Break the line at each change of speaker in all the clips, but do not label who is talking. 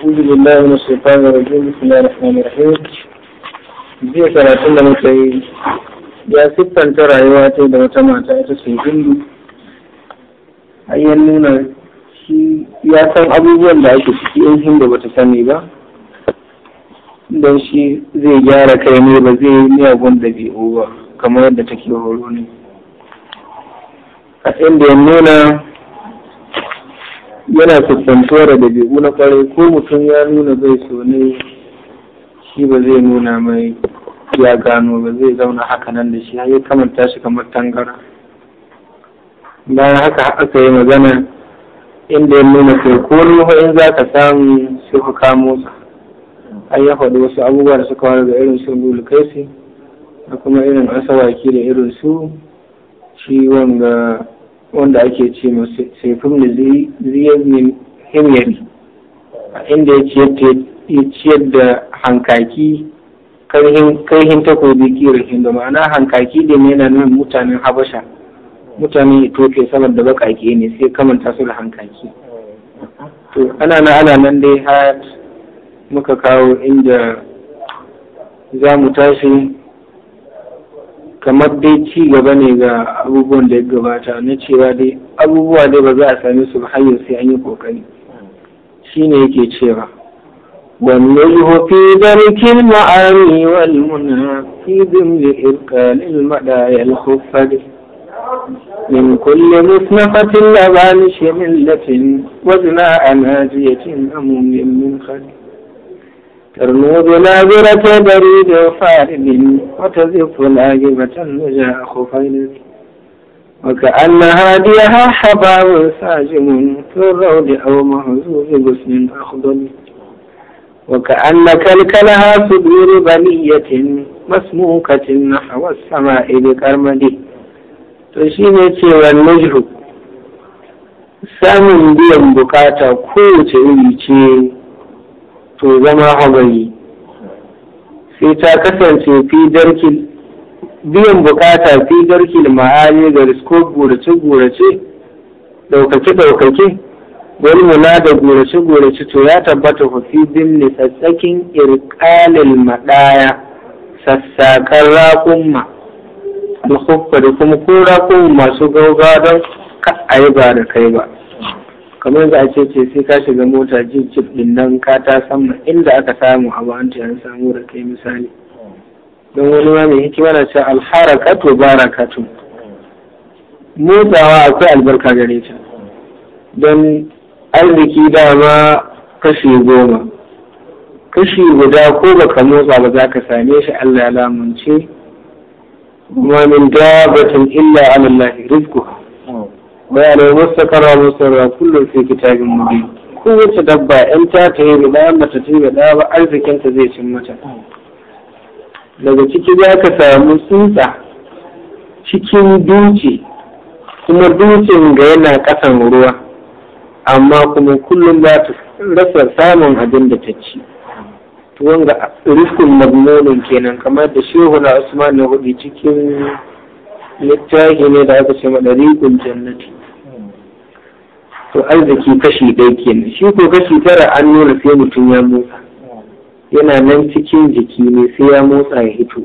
أعوذ بالله من الشيطان الرجيم بسم الله الرحمن الرحيم jiya da muka ya siffanta rayuwa ta da wata mata ita ce hindu hanyar nuna shi ya san abubuwan da ake ciki in hindu bata sani ba don shi zai gyara kai ne ba zai yi miyagun ɗabi'u ba kamar yadda take horo ne a inda ya nuna yana kusantuwa da dabi'u na kwarai ko mutum ya nuna zai so ne shi ba zai nuna mai ya gano ba zai zauna haka nan da shi ya kamanta shi kamar tangara bayan haka aka yi magana inda ya nuna kai ko ruwa in za ka samu sai ku kamo sa an ya faɗi wasu abubuwa da suka wani da irin su lulukaisi da kuma irin asawaki da irin su shi ga. wanda ake ce masu saifin da ziyar ne himyari a inda ya ciyar da hankaki karhin takobi kirahin da ma'ana hankaki da yana nuna mutanen habasha mutanen ethiopia saman da bakake ne sai kamanta su da hankaki to ana na ana nan dai har muka kawo inda za mu tashi kamar dai ci gaba ne ga abubuwan da ya gabata na cewa dai abubuwa dai ba za a sami su hanyar sai an yi kokari shi ne yake cewa wani ya yi hofi darkin ma'ani wal muna fi zin da irkanin maɗayar hofari min kulle musnafatin labanin shemin latin wazina a najiyacin amumin min khali ترمو بناظرة بريد فارد وتزف ناجبة وجاء خفين وكأنها ديها حباب ساجم في الروض أو مهزوز غصن أخضر وكأن كلكلها صدور بنية مسموكة نحو السماء بكرمده تشيني تيوى النجر samun biyan bukata kowace iri ce to zama habari sai ta kasance fi darkil biyan bukata fi darkil ma'ani ga risko gurace-gurace ɗaukake-ɗaukake wani muna da gurace-gurace to ya tabbata fi bin tsatsakin irkalil maɗaya sassaƙar rakun ma, da kuma ko rakun masu gauga don ka ba da kai ba kamar za a ce sai ka shiga mota jin cif din nan ka ta ma inda aka samu abu an an samu da kai misali don wani ma mai hikima na cewa alharakatu barakatu motsawa akwai albarka gare ta don arziki dama kashi goma kashi guda ko ka motsa ba za ka same shi Allah ya lamunce kuma min dabatin illa alallahi rizquha bayanai mustaqarra mustaqarra kullum fi kitabin mubin kowace dabba 'yan ta tayi riba ba ta yi da ba arzikin ta zai cin mata daga ciki za ka samu tsutsa cikin duce? kuma dutsen ga yana kasan ruwa amma kuma kullum za ta rasa samun abin da ta ci wanga rufin magnonin kenan kamar da shehu na usman na hudu cikin littafi ne da aka ce ma jannati to arziki kashi ɗaya kenan shi ko kashi tara an nuna sai mutum ya motsa yana nan cikin jiki ne sai ya motsa ya hito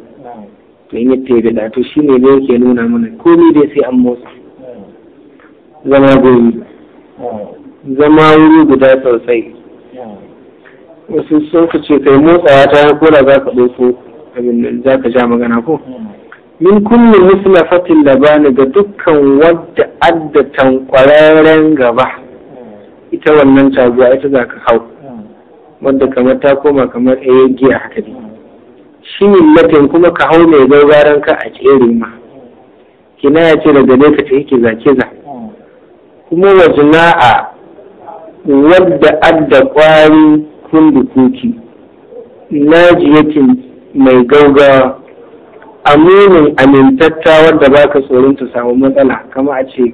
to in yadda ya gada to shi ne da yake nuna mana komai dai sai an motsa zama gobe
zama wuri guda
sosai wasu sun ce kai motsawa ta ko da za ka ɗauko abin nan za ka ja magana ko min kulli muslafatin ni ga dukkan wadda adda tankwararren gaba ita wannan taguwa ita za ka hau wadda kamar ta koma kamar ɗaya giya haka ne shi millatin kuma ka hau mai gargaran ka a tsere ma kina ya ce daga ne ka ce yake zake kuma wajna'a wadda adda kwari kundukuki najiyatin mai gaugawa aminin amintatta wadda ba ka tsoron ta samu matsala kama a ce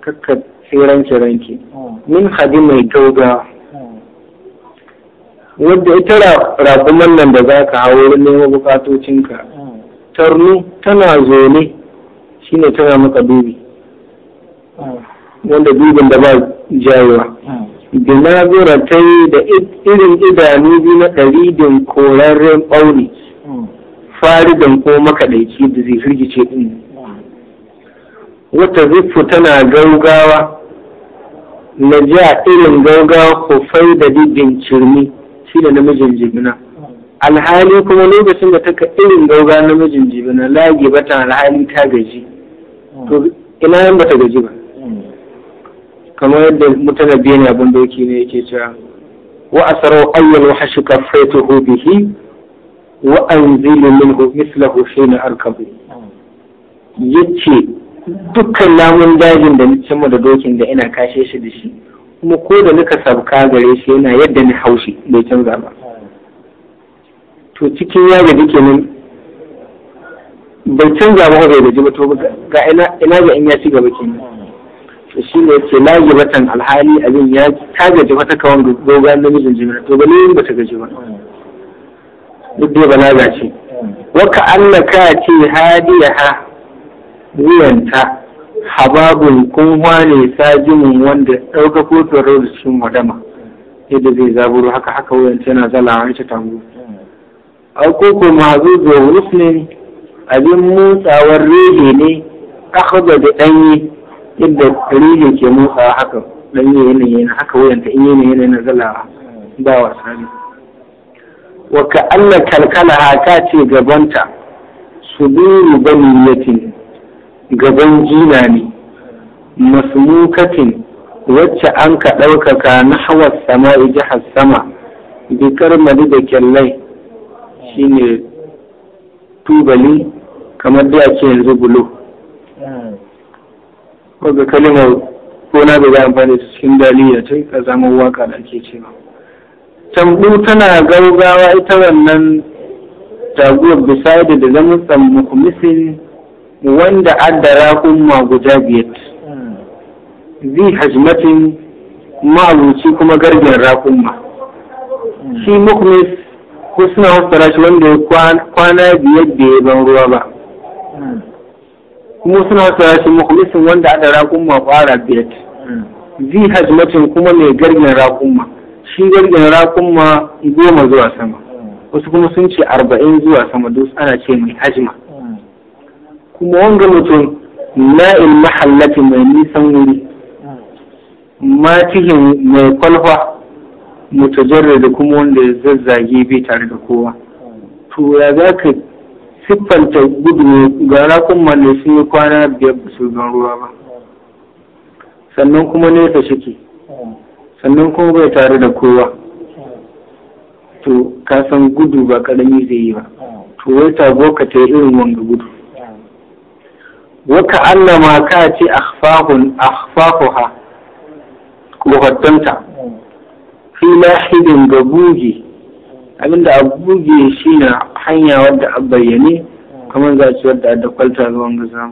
kakka tseren ranki min hadi mai gaugawa wadda ita rakuman nan da za ka hawo wurin neman bukatocinka tarnu tana zone shine tana maka dubi wanda dubin da ba jayewa zura ta yi da irin idanu biyu na ɗari din korarren ɓauri faridan ko makaɗaici da zai firgice din wata zuffu tana gaugawa na ja irin gaugawa ko fai da didin cirmi shi da namijin jibina alhali kuma lokacin da taka irin gauga namijin jibina lagi bata alhali ta gaji to ina yan bata gaji ba kamar yadda mutane biyan abin doki ne yake cewa wa asarau ayyal wahashi kafaituhu bihi wa anzilu minhu mislahu shayna ya ce dukkan namun dajin da nace mu da dokin da ina kashe shi da shi kuma ko da nika sabka gare shi yana yadda ni haushi bai canza ba to cikin yaga ke nan bai canza ba bai gaji ba to ga ina ina ga in ya ci gaba kenan to shi ne ce na yi batan alhali abin ya ta gaji wata kawan dogon namijin jimina to ba ne ba ta gaji ba duk dai balaga ce waka ka ce hadiyaha wuyanta hababun kun ne sajimin wanda ɗauka kotun da cikin wadama yadda zai zaburo haka haka wuyanta yana zalawa wancan tango akoko mazu da wusnin abin motsawar rege ne akhadha da ɗanyi yadda rege ke motsawa haka ɗanyi yanayi haka wuyanta in yanayi yana zalawa ba wasa ne Waka Allah kalkala ta ce gabanta su duru baniyatin gaban jina ne masmukatin wacce an ka ɗaukaka na hawa sama jihar sama bikar mali da kyallai shine tubali kamar da ake yanzu bulo wadda kalimar gona da za amfani da cikin daliya ta ka zama waka da ake cewa tambu tana gaugawa ita wannan taguwar bisadi da zama tsammuku misin wanda addara umma guda biyar zai hajmatin ma'aluci kuma gargin raƙumma shi mukmis suna hustara shi wanda ya kwana biyar da ya ban ruwa ba kuma suna hustara shi mukmisin wanda ada raƙumma kwara biyar zai hajmatin kuma mai gargin raƙumma shi gargin rakunma goma zuwa sama wasu kuma sun ce arba'in zuwa sama duk ana ce mai hajima kuma wanga mutum na'in mahallati mai nisan wuri matihin mai kwalfa mutajarra da kuma wanda ya zazzage bai tare da kowa to ya za ka siffanta gudu ga raƙumma ne sun yi kwana biyar ba su ruwa ba sannan kuma nesa shike sannan kuma bai tare da kowa to ka san gudu ba karami zai yi ba to wai tago ka ta irin wanda gudu waka ma ka ce akhfahun akhfahuha buhattanta fi lahidin ga buge abinda a buge shi na hanya wadda a bayyane kamar za ci wadda a dakwalta ruwan gaza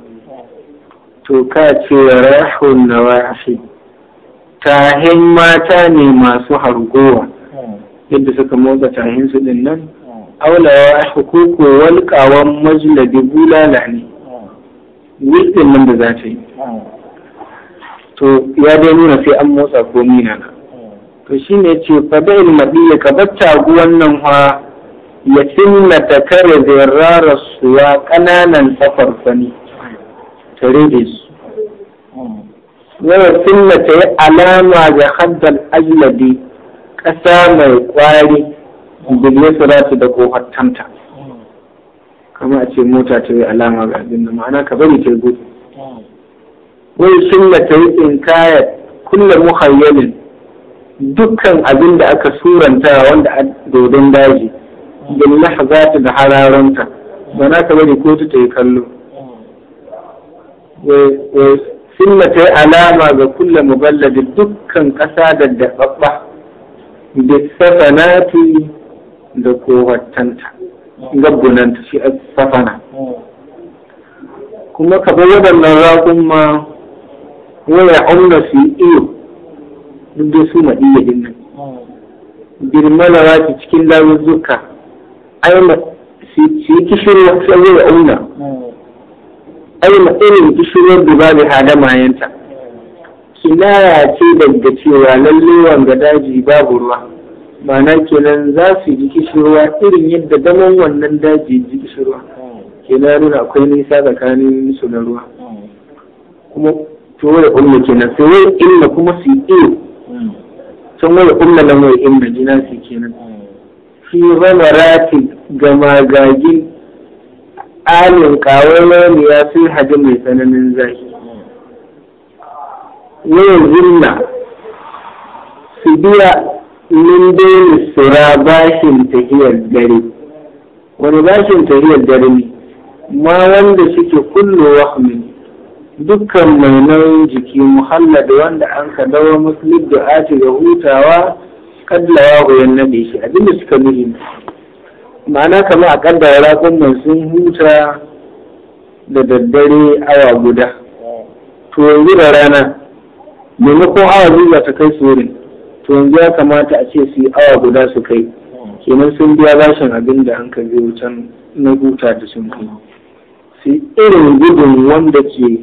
to ka ce rahun na washi tahin mata ne masu hargowa hmm. yadda suka motsa tahin su din nan hmm. aulawa a hukuku walƙawan majalabi bulala ne hmm. wikin nan da za ta yi to ya dai nuna sai an motsa komi na to shi ne ce fada'il maɗiya ka bar taguwan nan ha ya sinna ta kare zirrara su ya ƙananan safarfani tare da su yana sunna ta yi alama ga haddal ajnabi ƙasa mai ƙwari bilne suratu da kofattanta kama a ce mota ta yi alama ga abin da ma'ana ka bari ke gudu wani sunna ta yi kaya kullum muhayyalin dukkan abin da aka suranta wanda a dodon daji bil ta da hararanta ba na ka bari kotu ta yi kallo sunna ta yi alama ga kulle muballadi dukkan ƙasa da daɓaɓɓa da safanati da kowattanta gabbunanta shi a safana kuma ka bar waɗannan raƙun ma waya auna su iyo duk da su ma iya din Girma na raki cikin laruzzuka ai ma su yi kishirin wasu wani auna ai matsayin kishiyar da ba da hadamayenta kinaya ce daga cewa lalle wanga daji babu ruwa ma'ana kenan za su ji kishirwa irin yadda daman wannan daji ji kishirwa na nuna akwai nisa tsakanin su na ruwa kuma to wani umma kenan sai wani inna kuma su yi sun wani umma na wai inna jina su kenan fi ramaratin ga magagin alin kawai ya fi haji mai tsananin zaki yawan zinna. su biya min sura bashin tahiyar dare wani bashin tahiyar dare ne ma wanda suke kullu wahmin dukkan mai nauyin jiki muhallad wanda an ka dawo musulun da ga hutawa ya goyon nabi shi abinda suka nuhi ma'ana kamar a kan da sun huta da daddare awa guda to yanzu da rana
maimakon awa biyu
za ta kai sorin to yanzu ya kamata a ce su yi awa guda su kai kenan sun biya bashin abin da an kan wucan na huta da sun kai su irin gudun wanda ke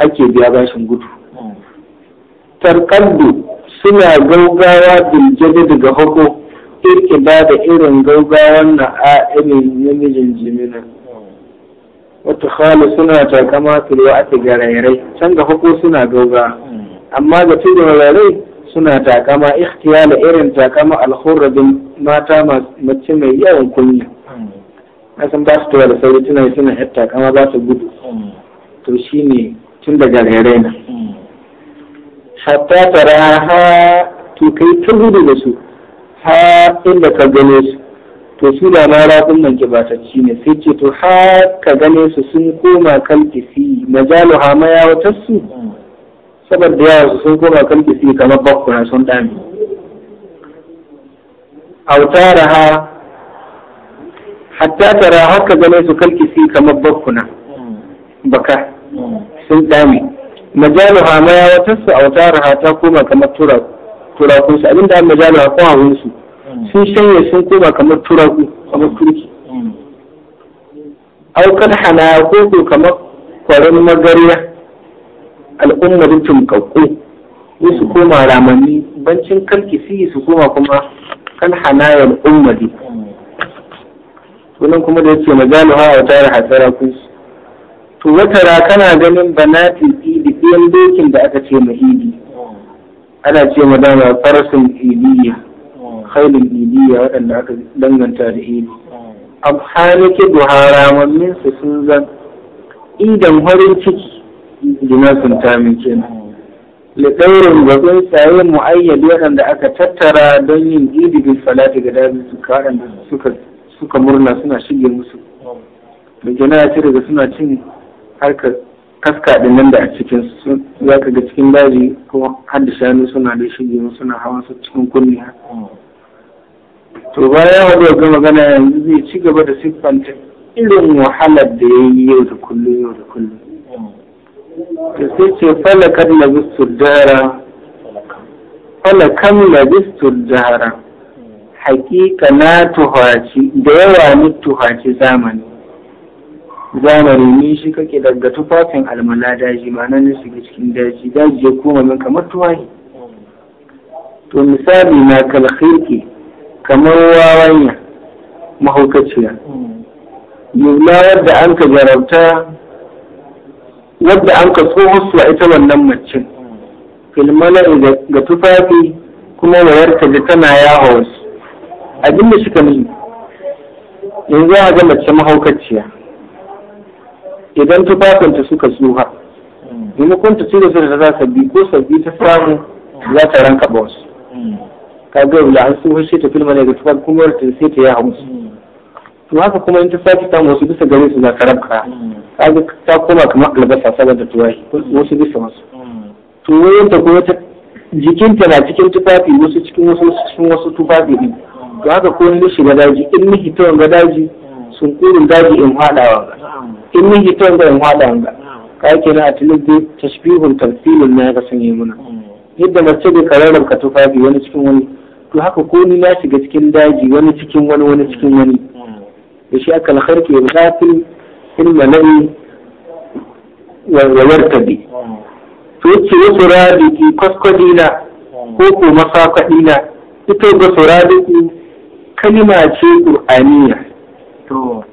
ake biya bashin gudu tarkaddu suna gaugawa biljade daga hako ba da irin gaugawan na a irin namijin jimina wata suna takama filwa a tigarairai can ga hukun suna gauga amma ga tudun rarai suna takama da irin takama alhurra bin mata mace mai yawan kunya na san ba su tuwa da sauri suna yar takama ba su gudu to shi ne tun daga rarai na hatta ta raha tukai ta gudu da su ha inda ka gane su to su da ma rafin nan kibatacci ne sai ce to har ka gane su sun koma kan kisi majalu ha mayawatar su saboda yawa su sun koma kan kisi kamar bakkuna sun dami autara ha hatta tara haka gane su kan kisi kamar bakkuna baka sun dami majalu ha wata su autara ha ta koma kamar turaku su abinda an majana kwawunsu mm. sun shanye sun koma kamar turaku kamar turki mm. aukar hana koko kamar kwarin magariya al'ummar tumkakku yi su koma ramani bancin kalki siyi su koma kuma kan hanayar ummadi sunan kuma da yake majalu hawa wata tare hasara kun to wata kana ganin banati idi ɗayan dokin da aka ce mahidi ana ce ma dama farasin iliya khailin iliya waɗanda aka danganta da ili abhanike duhara mammin su sun zan idan farin ciki jina sun tamin kenan liɗaurin gwazon tsaye mu'ayyad waɗanda aka tattara don yin idi bil salati ga dabi suka waɗanda suka suka murna suna shige musu da jana ce daga suna cin harkar kaska din nan da a cikin su za ka ga cikin daji ko hadda shanu suna da shige suna hawa su cikin kunni to bayan wani ga magana yanzu zai ci gaba da siffanta irin wahalar da ya yi yau da kullum yau da kullum da sai ce falakan labistur dara falakan labistur jahara hakika na tuhaci da yawa ni tuhaci zamani zamani ne shi kake daga tufafin almala daji ma nan shiga cikin daji daji ya koma min kamar tuwaye to misali na kalkhirki kamar wawanya mahaukaciya yula wadda an ka jarabta wadda an ka a ita wannan macin filmala ga tufafi kuma ta da tana yawo wasu abinda shi ka yanzu a ga mace mahaukaciya idan tufafinta suka tsuha maimakon ta cire su da za sabbi ko sabbi ta samu za ta ranka ba wasu ka ga wula an tsuha shi ta filma ne ga tufafin kuma wata sai ta yi musu to haka kuma in ta sake samu wasu bisa gare su za ta rabka ka ga ta koma kamar albasa saboda tuwai, wasu bisa wasu to wayan ta kuma ta jikinta na cikin tufafi wasu cikin wasu cikin wasu tufafi din to haka ko ni shiga daji in ni hito ga daji sun kurin daji in fadawa in yi hiton zan hada wanda. ka yake na ta tashbihun tarfilin na ga sanye muna yadda mace da kararar ka tufafi wani cikin wani to haka ko ni na shiga cikin daji wani cikin wani wani cikin wani da shi aka lakharki ya zafi in malai ta bi to yace wasu radiki kwaskwadina ko ko masakwadina ita ga suradiki kalima ce qur'aniya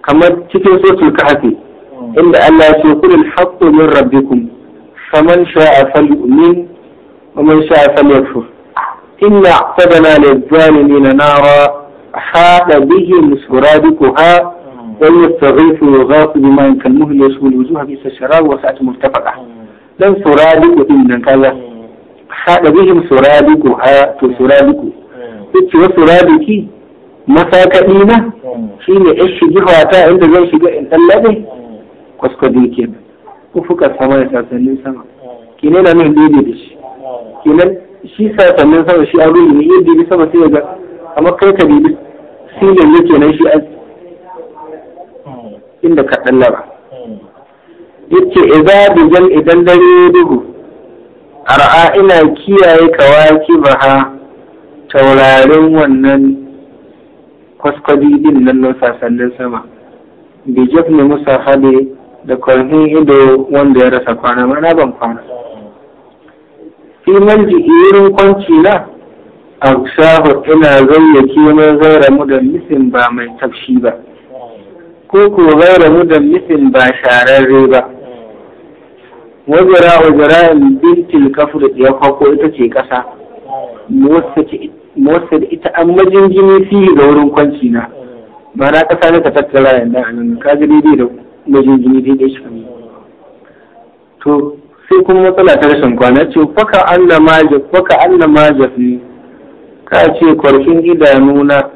kamar cikin sosul hafi. إلا أن تقول الحق من ربكم فمن شاء فليؤمن ومن شاء فليكفر إنا اعتدنا للظالمين نارا حاق بهم سرادقها ويستغيث ويغاث بماء كالمهل يشوي الوجوه بئس الشراب وسأت مرتفقة لن سرادك إن كذا حاق بهم سرادكها تسرادك إنت وسرادك مساكنينة شيء إيش جهواتا عند زي شجاء الله kwaskwadi kenan fuka sama da sasannin sama kine na nan daidai da shi kine shi sasannin sama shi a ruri ne yin bi sama sai ga amma kai ka bibi silin ne kenan shi a inda ka dallara yace idza bi jan idan dare duhu ra'a, ina kiyaye kawaki baha taurarin wannan kwaskwadi din nan na sasannin sama bi Musa, hade da kwarhin ido wanda ya rasa kwana mana ban kwana fi malji irin kwanci na a sahu ina zayyaki mai zaura mudallisin ba mai tafshi ba ko ko zaura mudallisin ba shararre ba wajara wajara bintin kafu da ya kwako ita ce ƙasa motsa da ita an majin jini fiye da wurin kwanci na ba na ƙasa ne ka tattara yanda a nan ka ji daidai da ku gwajin jini zai ɗaya shi to sai kuma matsala ta rashin kwana ce faka anna majaf faka anna ne ka ce kwarfin idanuna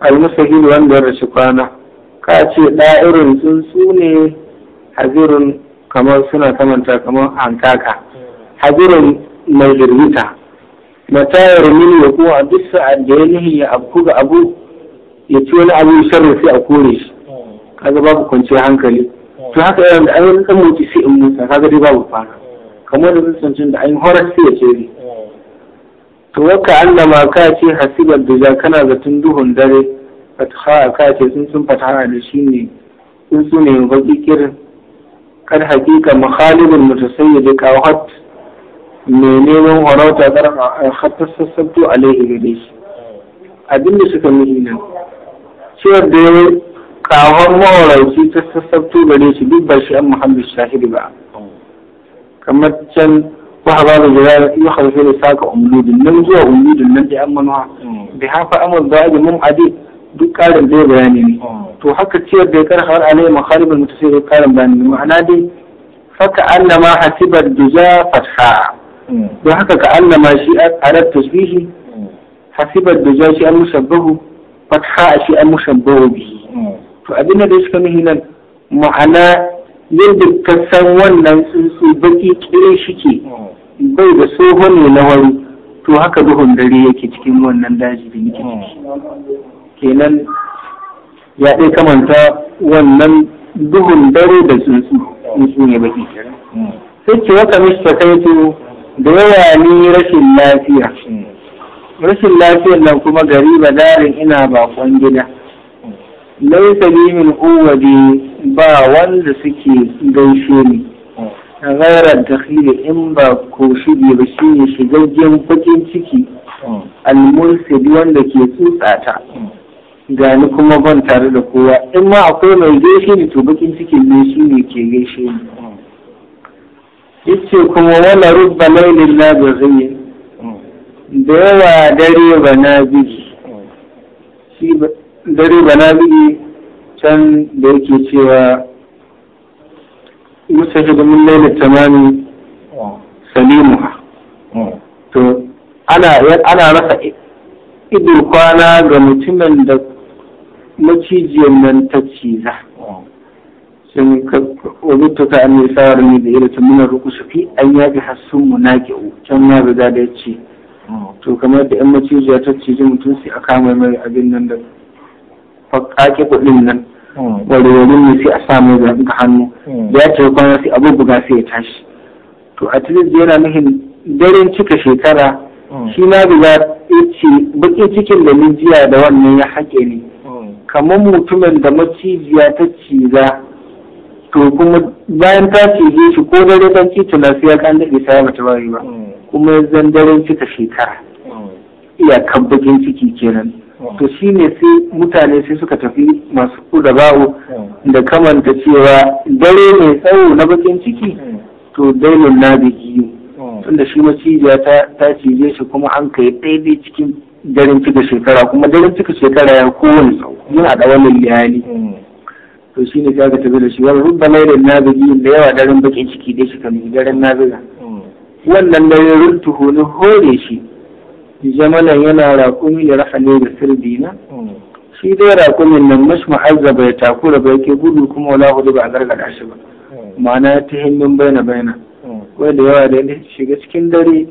almusahil wanda rashi kwana ka ce ɗa'irin su ne hazirin kamar suna kamanta kamar hankaka hazirin mai na matayar mini ya kuma a duk sa'ad da ya nihi ya ga abu ya ci wani abu sharri sai a kore shi kaga babu kwanciyar hankali to haka yawan da ainihin dan mutu sai in musa, kaga dai babu fara kamar da tsancin da ainihin horar sai ya ce to waka ma ka ce hasibar da kana zaton duhun dare fataha ka ce sun sun fataha da shi ne sun su ne bakikir kan hakika makhalibin mutasayyid ka hat mai neman horauta kar hatta sassabto alaihi gare shi abinda suka mihi nan cewar da kawar mawarauci ta sassabto gare shi duk ba shi an muhammad shahidi ba kamar can ku haɓa da jira iya harfe da saka umludin nan zuwa umludin nan da amanuwa da mm. hafa amal ba a jimin adi duk karin da bayani ne mm. to haka ce da kar har alai makharibul mutasir karin bayani ma'ana dai faka annama da duza fatha mm. don haka ka annama shi a arab tasbihi da duza shi an mushabbahu a shi an musabbahu
bihi
to abin da suka nuhi nan ma'ana yadda ka san wannan tsuntsu baki kire ke, bai da tsoho ne na wani to haka duhun dare yake cikin wannan daji da nake kenan ya ɗai kamanta wannan duhun dare da tsuntsu tsuntsu ne baki sai ce wata ta kai da yawa ni rashin lafiya rashin lafiyar nan kuma gari ba darin ina bakon gida laisa li min uwadi ba wanda suke gaishe ni ghaira dakhili in ba ko shige ba shine shigaggen bakin ciki almulsid wanda ke tsutsata gani kuma ban tare da kowa in ma akwai mai gaishe ni to bakin cikin ne shi ne ke gaishe ni yace kuma wala rubba lailin la bi da yawa dare ba na biji dare biyu can da yake cewa musa shiga mun laila salimu
ha,
to ana rasa ido kwana ga mutumin da macijiyar nan ta ciza sun wabuta ta an nisa ne da irin tunan su fi an yafi hassun munaƙi'u can ya riga da ya ce to kamar da yan macijiyar ta ciji mutum sai a kama mai abin nan da fakake kuɗin nan
hmm. warwarin ne sai a samu
ga hannu hmm. ya ce kwana sai abu buga sai ya tashi to a tilis yana nufin daren cika shekara hmm. shi na buga baki cikin da jiya da wannan ya haƙe ne kamar mutumin da macijiya ta ciza to kuma bayan ta cije shi ko dare ta ci tuna sai ya kan daɗe sai ba ta bari ba kuma zan daren cika shekara iyakar baƙin ciki kenan to shi ne sai mutane sai suka tafi masu kuda bawo da kamanta cewa dare mai tsawo na bakin ciki to dailun na giyu tunda shi macijiya ta cije shi kuma an kai daidai cikin daren cika shekara kuma daren cika shekara ya kowane tsawo yana da wannan liyali to shi ne kaga tafi da shi wani rubba lailun na giyu da yawa daren bakin ciki dai shi kan daren na wannan dare runtuhu ne hore shi jamalan yana raƙumi da rahani da na. shi dai raƙumin nan mashi muhazzaba bai takura bai yake gudu kuma wala hudu ba a gargada shi ba ma'ana ta himmin baina baina wai da yawa da yadda shiga cikin dare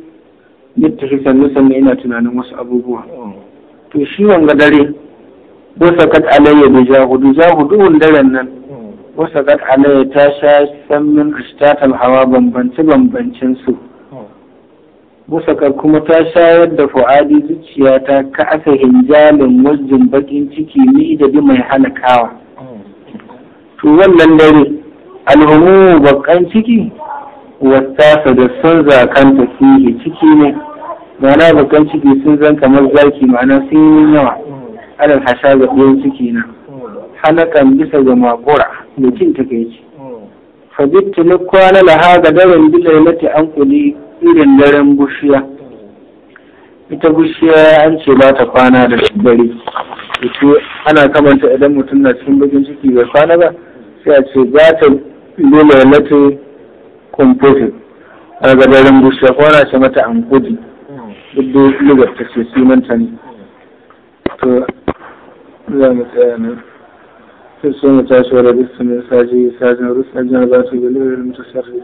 ta shi sannu sannu ina tunanin wasu abubuwa to shi wanga dare wasa kat alayya da jahudu jahudu daren nan wasa kat alayya ta sha sammin ashtatan hawa bambance bambancen su musakar kuma ta shayar da fu'adi zuciyata ka aka hinjalin wajen bakin ciki ni da bi mai hana kawa. to wannan dare alhumu bakan ciki Wata sa da sun zakanta fihi ciki ne ma'ana bakan ciki sun zan kamar zaki ma'ana sun yi yawa alal hasha ga ɗayan ciki na kan bisa ga makura da cin takaici fabittu na kwana laha ga daren bilailati an kuli irin daren bushiya ita bushiya an ce ba ta kwana da daddare ita ana kamanta idan mutum na cikin bakin ciki bai kwana ba sai a ce za ta lula lati kumfoti a ga daren bushiya ko ana ce mata an kudi duk da lugar ta ce sunanta ne to za mu tsaya nan sai su mutashi tashi wa rabista mai saji sajin rusa jana ba su gani da mutasarri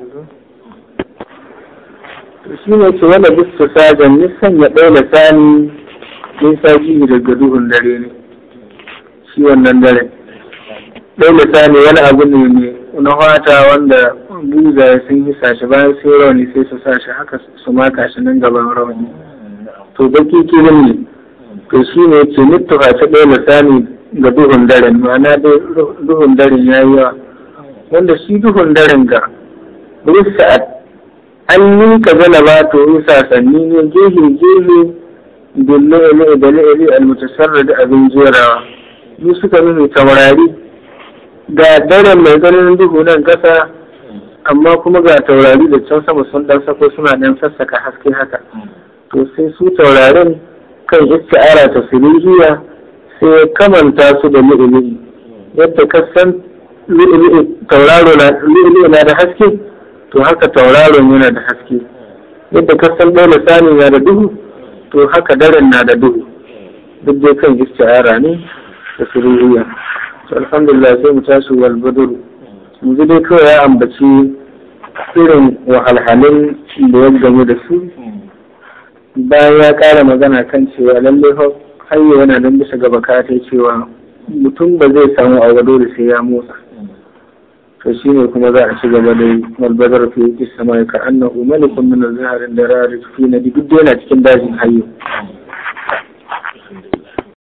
to shi ne ce wani bisu sajan nisan ya da sani nisa jihi daga duhun dare ne shi wannan dare ɗaya da sani wani abu ne ne na hata wanda buza sun yi sashi bayan sai rauni sai su sashi haka su maka shi nan gaban rauni to baki kirin ne to shi ne ce mittufa ta da sani ga duhun dare ma'ana duhun dare ya yi yawa wanda shi duhun daren ga rusa'at an ninka galaba to yi sasanni ne gehe gehe billu'ulu da lu'ulu al da abin jerawa mu suka nuna taurari ga daren mai ganin duhu nan kasa amma kuma ga taurari da can sama sun dan sako suna nan sassaka haske haka to sai su taurarin kan isti'ara ta sirriya sai ya kamanta su da lu'ulu yadda kasan lu'ulu tauraro na da haske to haka tauraron yana da haske yadda kasan ɗaya da sanin na da duhu to haka daren na da duhu duk dai kan yara ne da sururiya to alhamdulillah sai mu tashi wal yanzu dai kawai ya ambaci irin wahalhalun da ya gani da su bayan ya ƙara magana kan cewa lallai har yana nan bisa gaba kata cewa mutum ba zai samu a da sai ya motsa فسين الكمباء سجمالي والبدر في السماء كأنه ملك من الزهر الدرار في نبي قدينا تكن دازم حيو